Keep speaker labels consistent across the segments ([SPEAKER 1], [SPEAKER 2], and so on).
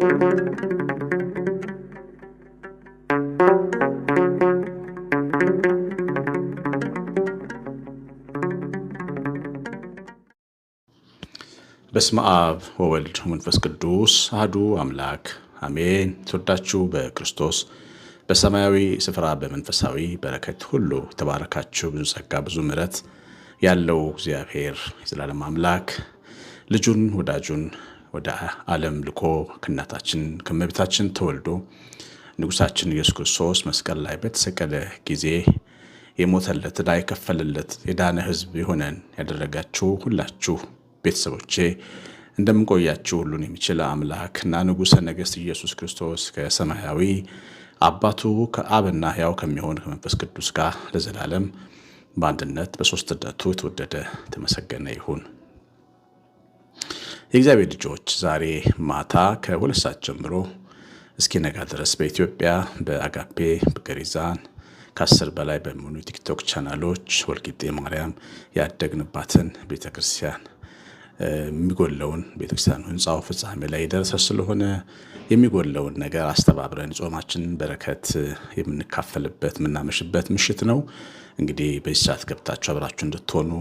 [SPEAKER 1] በስመ አብ ወወልድ ወመንፈስ ቅዱስ አህዱ አምላክ አሜን። ተወዳችሁ በክርስቶስ በሰማያዊ ስፍራ በመንፈሳዊ በረከት ሁሉ የተባረካችሁ ብዙ ጸጋ ብዙ ምሕረት ያለው እግዚአብሔር የዘላለም አምላክ ልጁን ወዳጁን ወደ ዓለም ልኮ ከእናታችን ከእመቤታችን ተወልዶ ንጉሳችን ኢየሱስ ክርስቶስ መስቀል ላይ በተሰቀለ ጊዜ የሞተለት ዕዳ የከፈለለት የዳነ ሕዝብ የሆነን ያደረጋችሁ ሁላችሁ ቤተሰቦቼ እንደምንቆያችሁ ሁሉን የሚችል አምላክ እና ንጉሠ ነገሥት ኢየሱስ ክርስቶስ ከሰማያዊ አባቱ ከአብና ያው ከሚሆን ከመንፈስ ቅዱስ ጋር ለዘላለም በአንድነት በሦስትነቱ የተወደደ ተመሰገነ ይሁን። የእግዚአብሔር ልጆች ዛሬ ማታ ከሁለት ሰዓት ጀምሮ እስኪ ነጋ ድረስ በኢትዮጵያ በአጋፔ በገሪዛን ከአስር በላይ በሚሆኑ ቲክቶክ ቻናሎች ወልቂጤ ማርያም ያደግንባትን ቤተክርስቲያን የሚጎለውን ቤተክርስቲያኑ ህንፃው ፍጻሜ ላይ የደረሰ ስለሆነ የሚጎለውን ነገር አስተባብረን ጾማችንን በረከት የምንካፈልበት የምናመሽበት ምሽት ነው። እንግዲህ በዚህ ሰዓት ገብታችሁ አብራችሁ እንድትሆኑ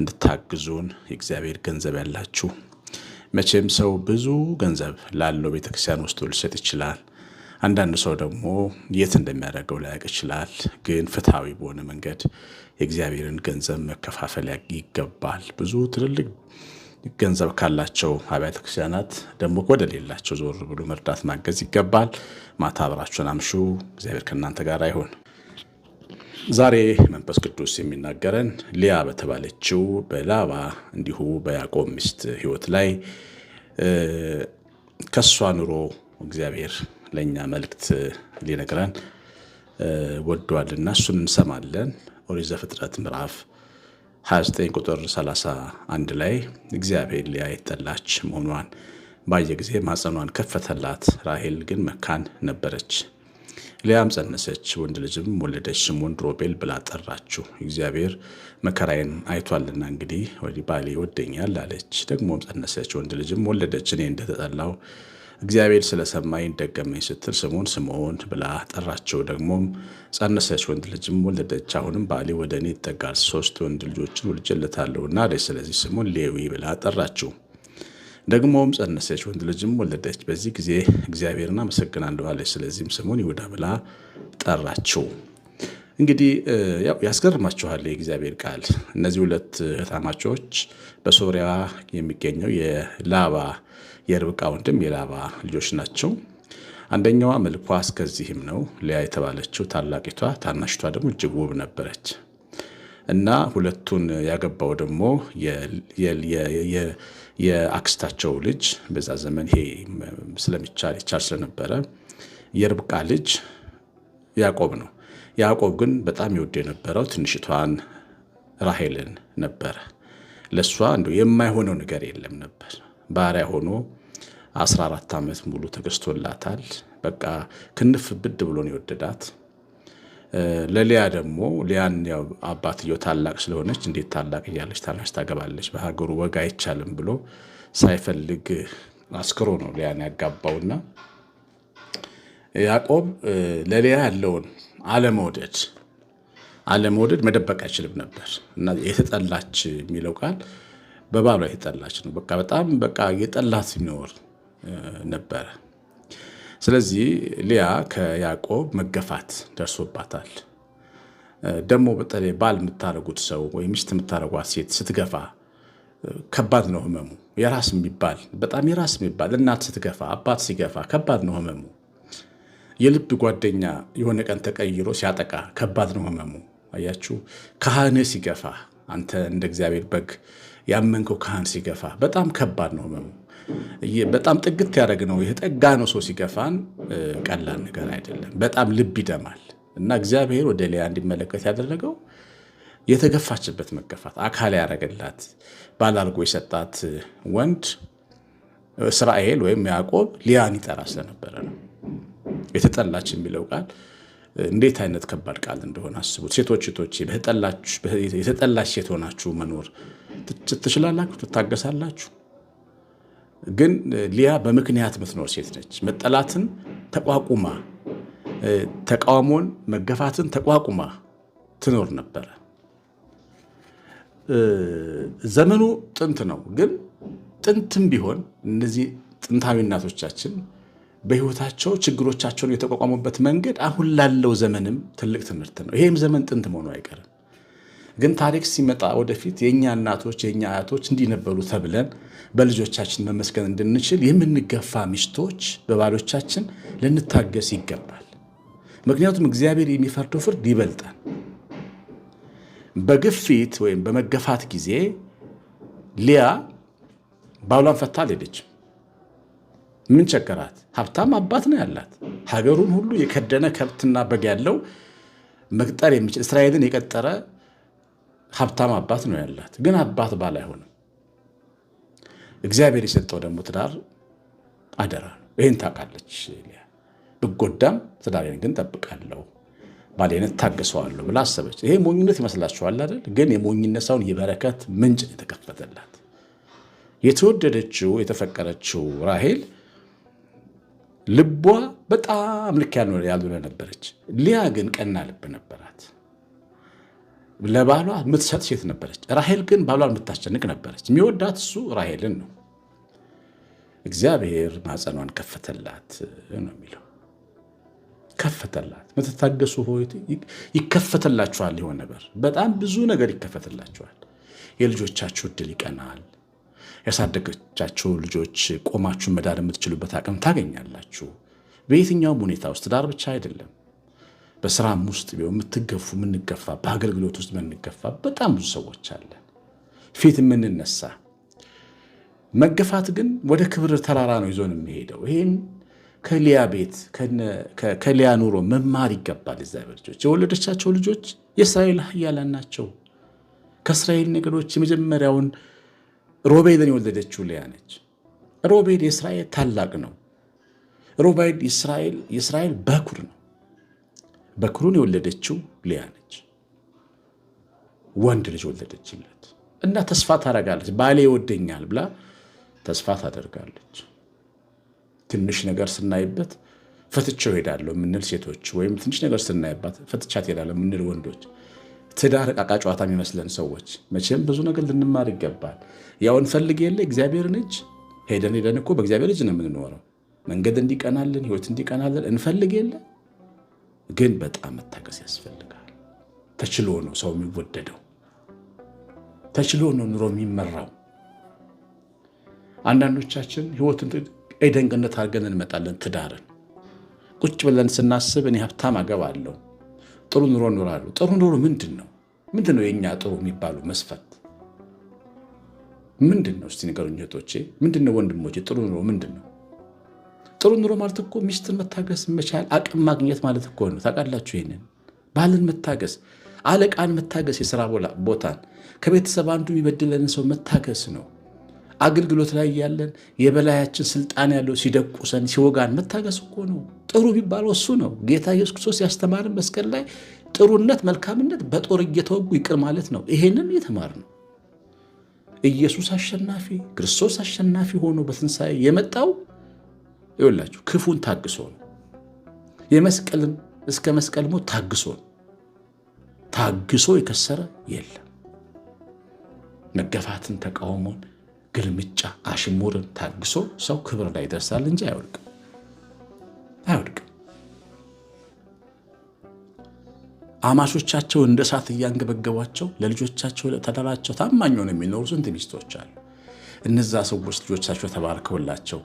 [SPEAKER 1] እንድታግዙን የእግዚአብሔር ገንዘብ ያላችሁ መቼም ሰው ብዙ ገንዘብ ላለው ቤተክርስቲያን ውስጥ ሊሰጥ ይችላል። አንዳንድ ሰው ደግሞ የት እንደሚያደርገው ላያውቅ ይችላል። ግን ፍትሐዊ በሆነ መንገድ የእግዚአብሔርን ገንዘብ መከፋፈል ይገባል። ብዙ ትልልቅ ገንዘብ ካላቸው አብያተ ክርስቲያናት ደግሞ ወደ ሌላቸው ዞር ብሎ መርዳት ማገዝ ይገባል። ማታ አብራችሁን አምሹ። እግዚአብሔር ከእናንተ ጋር አይሆን ዛሬ መንፈስ ቅዱስ የሚናገረን ሊያ በተባለችው በላባ እንዲሁ በያዕቆብ ሚስት ሕይወት ላይ ከሷ ኑሮ እግዚአብሔር ለእኛ መልእክት ሊነግረን ወዷልና እሱን እንሰማለን። ኦሪት ዘፍጥረት ምዕራፍ 29 ቁጥር 31 ላይ እግዚአብሔር ሊያ የጠላች መሆኗን ባየ ጊዜ ማፀኗን ከፈተላት፣ ራሄል ግን መካን ነበረች። ሊያም ጸነሰች፣ ወንድ ልጅም ወለደች፣ ስሙን ሮቤል ብላ ጠራችው። እግዚአብሔር መከራዬን አይቷልና እንግዲህ ወዲህ ባሌ ይወደኛል አለች። ደግሞም ጸነሰች፣ ወንድ ልጅም ወለደች። እኔ እንደተጠላው እግዚአብሔር ስለሰማኝ ደገመኝ ስትል ስሙን ስምዖን ብላ ጠራቸው። ደግሞም ጸነሰች፣ ወንድ ልጅም ወለደች። አሁንም ባሌ ወደ እኔ ይጠጋል፣ ሶስት ወንድ ልጆችን ወልጄለታለሁና አለች። ስለዚህ ስሙን ሌዊ ብላ ጠራችው። ደግሞም ጸነሰች፣ ወንድ ልጅም ወለደች። በዚህ ጊዜ እግዚአብሔርን አመሰግናለሁ አለች። ስለዚህም ስሙን ይሁዳ ብላ ጠራችው። እንግዲህ ያው ያስገርማችኋል የእግዚአብሔር ቃል። እነዚህ ሁለት እህታማቾች በሶሪያ የሚገኘው የላባ የርብቃ ወንድም የላባ ልጆች ናቸው። አንደኛዋ መልኳ እስከዚህም ነው፣ ሊያ የተባለችው ታላቂቷ። ታናሽቷ ደግሞ እጅግ ውብ ነበረች እና ሁለቱን ያገባው ደግሞ የአክስታቸው ልጅ በዛ ዘመን ይሄ ስለሚቻል ይቻል ስለነበረ የርብቃ ልጅ ያዕቆብ ነው። ያዕቆብ ግን በጣም ይወድ የነበረው ትንሽቷን ራሄልን ነበረ። ለእሷ እንደው የማይሆነው ነገር የለም ነበር። ባሪያ ሆኖ 14 ዓመት ሙሉ ተገዝቶላታል። በቃ ክንፍ ብድ ብሎን የወደዳት ለሊያ ደግሞ ሊያን ያው አባትየው ታላቅ ስለሆነች እንዴት ታላቅ እያለች ታናሽ ታገባለች በሀገሩ ወግ አይቻልም ብሎ ሳይፈልግ አስክሮ ነው ሊያን ያጋባውና ያዕቆብ ለሊያ ያለውን አለመውደድ አለመውደድ መደበቅ አይችልም ነበር እና የተጠላች የሚለው ቃል በባሏ የተጠላች ነው። በቃ በጣም በቃ የጠላት ሲኖር ነበረ። ስለዚህ ሊያ ከያዕቆብ መገፋት ደርሶባታል። ደግሞ በተለይ ባል የምታደርጉት ሰው ወይም ሚስት የምታደርጓት ሴት ስትገፋ ከባድ ነው ህመሙ። የራስ የሚባል በጣም የራስ የሚባል እናት ስትገፋ፣ አባት ሲገፋ ከባድ ነው ህመሙ። የልብ ጓደኛ የሆነ ቀን ተቀይሮ ሲያጠቃ ከባድ ነው ህመሙ። አያችሁ፣ ካህን ሲገፋ፣ አንተ እንደ እግዚአብሔር በግ ያመንከው ካህን ሲገፋ በጣም ከባድ ነው ህመሙ። በጣም ጥግት ያደረግ ነው። ይህ ጠጋ ነው። ሰው ሲገፋን ቀላል ነገር አይደለም። በጣም ልብ ይደማል እና እግዚአብሔር ወደ ሊያ እንዲመለከት ያደረገው የተገፋችበት መገፋት አካል ያደረገላት ባላልጎ የሰጣት ወንድ እስራኤል ወይም ያዕቆብ ሊያን ይጠራ ስለነበረ ነው። የተጠላች የሚለው ቃል እንዴት አይነት ከባድ ቃል እንደሆነ አስቡት። ሴቶች ሴቶች የተጠላች ሴት ሆናችሁ መኖር ትችላላችሁ? ትታገሳላችሁ? ግን ሊያ በምክንያት የምትኖር ሴት ነች። መጠላትን ተቋቁማ፣ ተቃውሞን፣ መገፋትን ተቋቁማ ትኖር ነበረ። ዘመኑ ጥንት ነው። ግን ጥንትም ቢሆን እነዚህ ጥንታዊ እናቶቻችን በሕይወታቸው ችግሮቻቸውን የተቋቋሙበት መንገድ አሁን ላለው ዘመንም ትልቅ ትምህርት ነው። ይሄም ዘመን ጥንት መሆኑ አይቀርም። ግን ታሪክ ሲመጣ ወደፊት የእኛ እናቶች የእኛ አያቶች እንዲነበሩ ተብለን በልጆቻችን መመስገን እንድንችል የምንገፋ ሚስቶች በባሎቻችን ልንታገስ ይገባል። ምክንያቱም እግዚአብሔር የሚፈርደው ፍርድ ይበልጣል። በግፊት ወይም በመገፋት ጊዜ ሊያ ባሏን ፈታ አልሄደችም። ምን ቸገራት? ሀብታም አባት ነው ያላት። ሀገሩን ሁሉ የከደነ ከብትና በግ ያለው መቅጠር የሚችል እስራኤልን የቀጠረ ሀብታም አባት ነው ያላት፣ ግን አባት ባል አይሆንም። እግዚአብሔር የሰጠው ደግሞ ትዳር አደራ ነው። ይህን ታውቃለች። ብጎዳም ትዳሬን ግን ጠብቃለሁ፣ ባሌነት ታግሰዋለሁ ብላ አሰበች። ይሄ ሞኝነት ይመስላችኋል አይደል? ግን የሞኝነት ሳይሆን የበረከት ምንጭ የተከፈተላት የተወደደችው የተፈቀረችው ራሄል ልቧ በጣም ልክ ያልሆነ ነበረች። ሊያ ግን ቀና ልብ ነበራት። ለባሏ የምትሰጥ ሴት ነበረች። ራሄል ግን ባሏን የምታስጨንቅ ነበረች። የሚወዳት እሱ ራሄልን ነው። እግዚአብሔር ማፀኗን ከፈተላት ነው የሚለው ከፈተላት። የምትታገሱ ሆይ ይከፈተላችኋል። ሊሆን ነበር በጣም ብዙ ነገር ይከፈትላችኋል። የልጆቻችሁ እድል ይቀናል። ያሳደገቻቸው ልጆች ቆማችሁን መዳር የምትችሉበት አቅም ታገኛላችሁ። በየትኛውም ሁኔታ ውስጥ ዳር ብቻ አይደለም በስራም ውስጥ ቢሆን የምትገፉ የምንገፋ በአገልግሎት ውስጥ የምንገፋ በጣም ብዙ ሰዎች አለን፣ ፊት የምንነሳ። መገፋት ግን ወደ ክብር ተራራ ነው ይዞን የሚሄደው። ይህን ከሊያ ቤት ከሊያ ኑሮ መማር ይገባል። እግዚአብሔር ልጆች የወለደቻቸው ልጆች የእስራኤል ኃያላን ናቸው። ከእስራኤል ነገዶች የመጀመሪያውን ሮቤልን የወለደችው ሊያ ነች። ሮቤል የእስራኤል ታላቅ ነው። ሮቤል የእስራኤል በኩር ነው። በክሩን የወለደችው ሊያ ነች። ወንድ ልጅ ወለደችለት እና ተስፋ ታደርጋለች። ባሌ ይወደኛል ብላ ተስፋ ታደርጋለች። ትንሽ ነገር ስናይበት ፈትቼው ሄዳለሁ የምንል ሴቶች ወይም ትንሽ ነገር ስናይባት ፈትቻት ሄዳለሁ የምንል ወንዶች፣ ትዳር ዕቃቃ ጨዋታ የሚመስለን ሰዎች መቼም ብዙ ነገር ልንማር ይገባል። ያው ፈልግ የለ እግዚአብሔርን እጅ ሄደን ሄደን እኮ በእግዚአብሔር እጅ ነው የምንኖረው። መንገድ እንዲቀናልን ህይወት እንዲቀናልን እንፈልግ የለን ግን በጣም መታገስ ያስፈልጋል። ተችሎ ነው ሰው የሚወደደው። ተችሎ ነው ኑሮ የሚመራው። አንዳንዶቻችን ህይወትን የደንቅነት አድርገን እንመጣለን። ትዳርን ቁጭ ብለን ስናስብ እኔ ሀብታም አገባለሁ፣ ጥሩ ኑሮ እኖራለሁ። ጥሩ ኑሮ ምንድን ነው? ምንድን ነው የእኛ ጥሩ የሚባለው መስፈት ምንድን ነው? እስቲ ንገሩኝ እህቶቼ፣ ምንድን ነው ወንድሞቼ? ጥሩ ኑሮ ምንድን ነው? ጥሩ ኑሮ ማለት እኮ ሚስትን መታገስ መቻል አቅም ማግኘት ማለት እኮ ነው። ታውቃላችሁ ይሄንን ባልን መታገስ፣ አለቃን መታገስ፣ የስራ ቦታን ከቤተሰብ አንዱ የሚበድለንን ሰው መታገስ ነው። አገልግሎት ላይ ያለን የበላያችን ስልጣን ያለው ሲደቁሰን ሲወጋን መታገስ እኮ ነው። ጥሩ የሚባለው እሱ ነው። ጌታ ኢየሱስ ክርስቶስ ያስተማርን መስቀል ላይ ጥሩነት፣ መልካምነት በጦር እየተወጉ ይቅር ማለት ነው። ይሄንን እየተማርን ነው። ኢየሱስ አሸናፊ ክርስቶስ አሸናፊ ሆኖ በትንሣኤ የመጣው ይወላችሁ ክፉን ታግሶ ነው። የመስቀልም እስከ መስቀል ሞት ታግሶ ነው። ታግሶ የከሰረ የለም። መገፋትን፣ ተቃውሞን፣ ግልምጫ፣ አሽሙርን ታግሶ ሰው ክብር ላይ ይደርሳል እንጂ አይወድቅም አይወድቅም። አማሾቻቸው እንደ እሳት እያንገበገቧቸው ለልጆቻቸው ለተዳራቸው ታማኝ ሆነው የሚኖሩ ስንት ሚስቶች አሉ። እነዛ ሰዎች ልጆቻቸው ተባርከውላቸው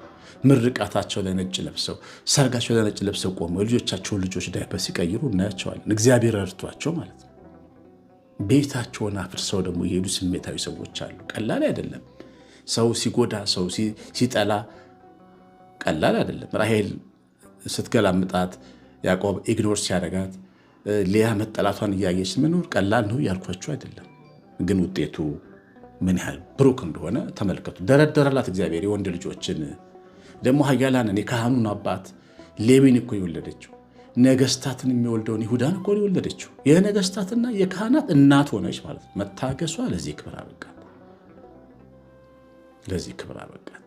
[SPEAKER 1] ምርቃታቸው ላይ ነጭ ለብሰው ሰርጋቸው ላይ ነጭ ለብሰው ቆመው የልጆቻቸውን ልጆች ዳይፐር ሲቀይሩ እናያቸዋለን። እግዚአብሔር ረድቷቸው ማለት ነው። ቤታቸውን አፍርሰው ደግሞ የሄዱ ስሜታዊ ሰዎች አሉ። ቀላል አይደለም። ሰው ሲጎዳ፣ ሰው ሲጠላ ቀላል አይደለም። ራሄል ስትገላምጣት፣ ያዕቆብ ኢግኖር ሲያደርጋት፣ ሊያ መጠላቷን እያየች መኖር ቀላል ነው ያልኳቸው አይደለም፣ ግን ውጤቱ ምን ያህል ብሩክ እንደሆነ ተመልከቱ። ደረደረላት እግዚአብሔር የወንድ ልጆችን ደግሞ ኃያላንን የካህኑን አባት ሌዊን እኮ የወለደችው ነገስታትን የሚወልደውን ይሁዳን እኮ የወለደችው የነገስታትና የካህናት እናት ሆነች ማለት ነው። መታገሷ ለዚህ ክብር አበቃት፣ ለዚህ ክብር አበቃት።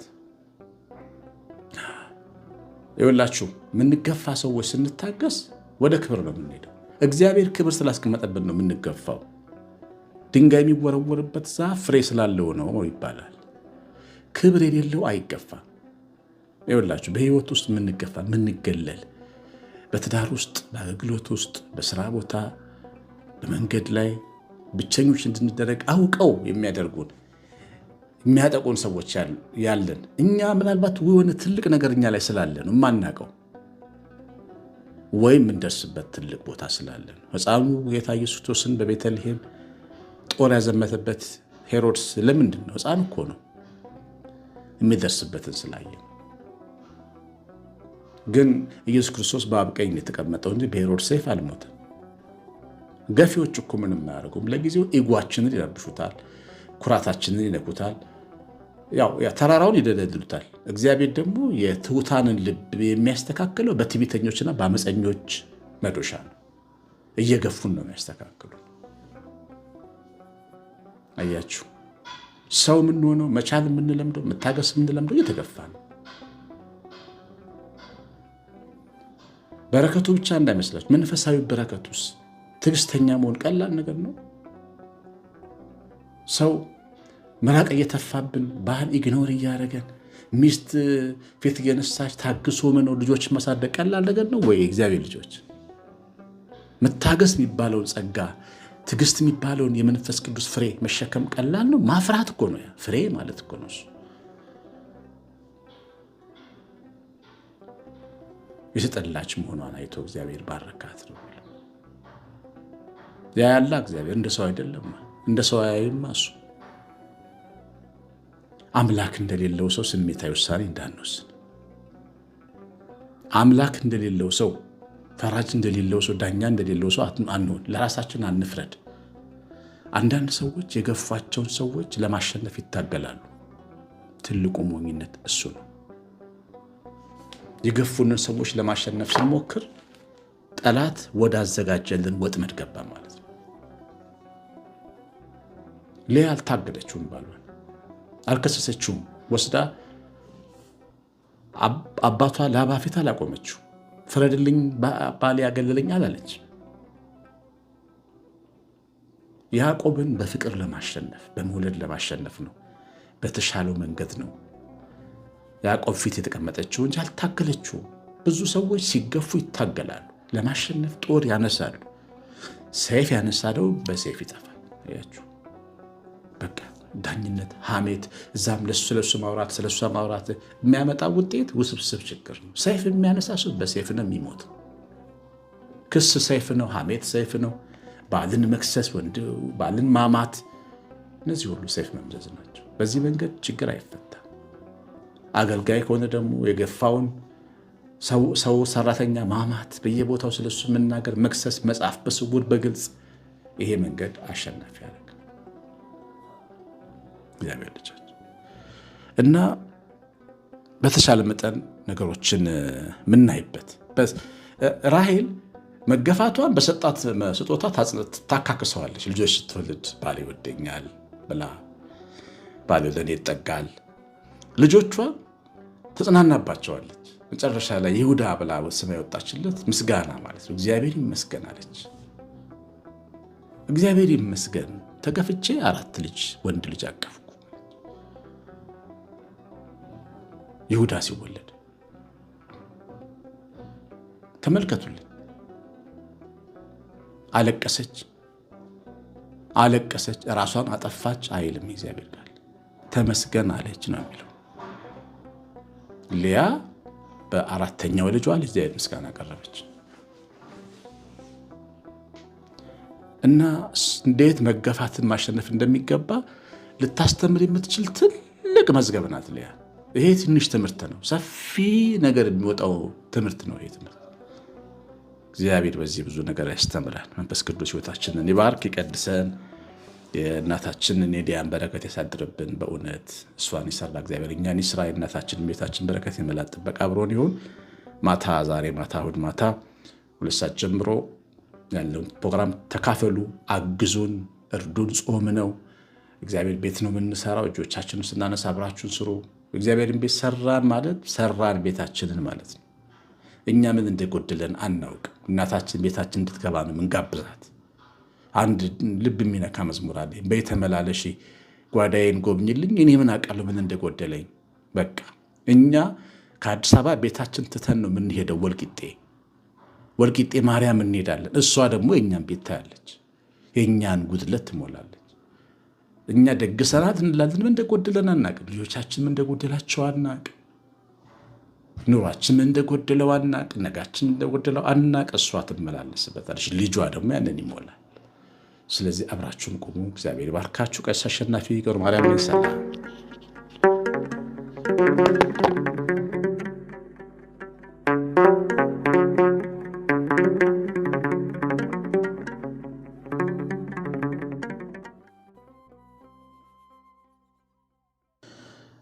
[SPEAKER 1] ይወላችሁ የምንገፋ ሰዎች ስንታገስ ወደ ክብር ነው የምንሄደው። እግዚአብሔር ክብር ስላስቀመጠብን ነው የምንገፋው። ድንጋይ የሚወረወርበት ዛፍ ፍሬ ስላለው ነው ይባላል። ክብር የሌለው አይገፋም። ይኸውላችሁ በህይወት ውስጥ የምንገፋ የምንገለል፣ በትዳር ውስጥ፣ በአገልግሎት ውስጥ፣ በስራ ቦታ፣ በመንገድ ላይ ብቸኞች እንድንደረግ አውቀው የሚያደርጉን የሚያጠቁን ሰዎች ያለን እኛ ምናልባት የሆነ ትልቅ ነገር እኛ ላይ ስላለን ነው የማናውቀው ወይም የምንደርስበት ትልቅ ቦታ ስላለን ነው። ጌታ ኢየሱስ ክርስቶስን በቤተልሔም ጦር ያዘመተበት ሄሮድስ ለምንድን ነው? ህፃን እኮ ነው። የሚደርስበትን ስላየ ግን ኢየሱስ ክርስቶስ በአብ ቀኝ የተቀመጠው እንጂ በሄሮድስ ሰይፍ አልሞተም። ገፊዎች እኮ ምንም አያደርጉም። ለጊዜው ኢጓችንን ይረብሹታል፣ ኩራታችንን ይነኩታል፣ ተራራውን ይደለድሉታል። እግዚአብሔር ደግሞ የትሑታንን ልብ የሚያስተካክለው በትዕቢተኞችና በአመፀኞች መዶሻ ነው። እየገፉን ነው የሚያስተካክሉ አያችሁ፣ ሰው የምንሆነው መቻል የምንለምደው መታገስ የምንለምደው እየተገፋ ነው። በረከቱ ብቻ እንዳይመስላችሁ። መንፈሳዊ በረከቱስ ትዕግስተኛ መሆን ቀላል ነገር ነው። ሰው መራቅ እየተፋብን ባህል ኢግኖር እያደረገን ሚስት ፊት እየነሳች ታግሶ መኖር ልጆችን መሳደቅ ቀላል ነገር ነው ወይ? እግዚአብሔር ልጆች መታገስ የሚባለውን ጸጋ ትግስት የሚባለውን የመንፈስ ቅዱስ ፍሬ መሸከም ቀላል ነው። ማፍራት እኮ ነው፣ ፍሬ ማለት እኮ ነው። የተጠላች መሆኗን አይቶ እግዚአብሔር ባረካት ነው ያ ያላ እግዚአብሔር እንደ ሰው አይደለም፣ እንደ ሰው አያይማ። እሱ አምላክ እንደሌለው ሰው ስሜታዊ ውሳኔ እንዳንወስን አምላክ እንደሌለው ሰው ፈራጅ እንደሌለው ሰው፣ ዳኛ እንደሌለው ሰው አንሆን። ለራሳችን አንፍረድ። አንዳንድ ሰዎች የገፏቸውን ሰዎች ለማሸነፍ ይታገላሉ። ትልቁ ሞኝነት እሱ ነው። የገፉንን ሰዎች ለማሸነፍ ስንሞክር ጠላት ወዳዘጋጀልን ወጥመድ ገባ ማለት ነው። ሊያ አልታገደችውም፣ ባሏን አልከሰሰችውም። ወስዳ አባቷ ላባ ፊት አላቆመችው። ፍረድልኝ፣ ባል ያገልለኝ አላለች። ያዕቆብን በፍቅር ለማሸነፍ በመውለድ ለማሸነፍ ነው። በተሻለው መንገድ ነው ያዕቆብ ፊት የተቀመጠችው እንጂ አልታገለችው። ብዙ ሰዎች ሲገፉ ይታገላሉ፣ ለማሸነፍ ጦር ያነሳሉ። ሰይፍ ያነሳ ደው በሰይፍ ይጠፋል። በቃ ዳኝነት፣ ሐሜት፣ እዛም ስለሱ ማውራት ስለሷ ማውራት የሚያመጣ ውጤት ውስብስብ ችግር ነው። ሰይፍ የሚያነሳ ሰው በሰይፍ ነው የሚሞት። ክስ ሰይፍ ነው። ሐሜት ሰይፍ ነው። ባልን መክሰስ፣ ወንድ ባልን ማማት፣ እነዚህ ሁሉ ሰይፍ መምዘዝ ናቸው። በዚህ መንገድ ችግር አይፈታም። አገልጋይ ከሆነ ደግሞ የገፋውን ሰው ሰራተኛ ማማት፣ በየቦታው ስለሱ መናገር፣ መክሰስ፣ መጻፍ በስውር በግልጽ ይሄ መንገድ አሸናፊ ያለ እግዚአብሔር ልጆች እና በተሻለ መጠን ነገሮችን ምናይበት ራሄል መገፋቷን በሰጣት ስጦታ ታካክሰዋለች። ልጆች ስትወልድ ባል ይወደኛል ብላ ባል ለእኔ ይጠጋል፣ ልጆቿ ተጽናናባቸዋለች። መጨረሻ ላይ ይሁዳ ብላ ስማ የወጣችለት ምስጋና ማለት ነው። እግዚአብሔር ይመስገን አለች። እግዚአብሔር ይመስገን ተገፍቼ አራት ልጅ ወንድ ልጅ አቀፉ ይሁዳ ሲወለድ ተመልከቱልን። አለቀሰች አለቀሰች፣ ራሷን አጠፋች አይልም የእግዚአብሔር ቃል። ተመስገን አለች ነው የሚለው። ሊያ በአራተኛው ልጇ ለእግዚአብሔር ምስጋና አቀረበች። እና እንዴት መገፋትን ማሸነፍ እንደሚገባ ልታስተምር የምትችል ትልቅ መዝገብ ናት ሊያ። ይሄ ትንሽ ትምህርት ነው። ሰፊ ነገር የሚወጣው ትምህርት ነው ይሄ ትምህርት። እግዚአብሔር በዚህ ብዙ ነገር ያስተምራል። መንፈስ ቅዱስ ህይወታችንን ይባርክ ይቀድሰን። የእናታችንን የዲያን በረከት ያሳድርብን። በእውነት እሷን የሰራ እግዚአብሔር እኛን ይስራ። የእናታችን ቤታችን በረከት የመላት ጥበቃ አብሮን ይሁን። ማታ ዛሬ ማታ እሑድ ማታ ሁለት ሰዓት ጀምሮ ያለውን ፕሮግራም ተካፈሉ፣ አግዙን፣ እርዱን። ጾም ነው። እግዚአብሔር ቤት ነው የምንሰራው። እጆቻችን ስናነሳ አብራችሁን ስሩ። እግዚአብሔርን ቤት ሰራን ማለት ሰራን ቤታችንን ማለት ነው። እኛ ምን እንደጎደለን አናውቅ። እናታችን ቤታችን እንድትገባ ነው ምንጋብዛት። አንድ ልብ የሚነካ መዝሙር አለ። በተመላለሽ ጓዳዬን ጎብኝልኝ፣ እኔ ምን አውቃለሁ ምን እንደጎደለኝ። በቃ እኛ ከአዲስ አበባ ቤታችን ትተን ነው የምንሄደው። ወልቂጤ ወልቂጤ ማርያም እንሄዳለን። እሷ ደግሞ የእኛን ቤት ታያለች፣ የእኛን ጉድለት ትሞላለች። እኛ ደግሰናት እንላለን፣ ምን እንደጎደለን አናቅም። ልጆቻችን ምን እንደጎደላቸው አናቅ። ኑሯችን ምን እንደጎደለው አናቅ። ነጋችን እንደጎደለው አናቅ። እሷ ትመላለስበታለች፣ ልጇ ደግሞ ያንን ይሞላል። ስለዚህ አብራችሁን ቁሙ። እግዚአብሔር ባርካችሁ። ቀሲስ አሸናፊ ገብረ ማርያም ይሳላል።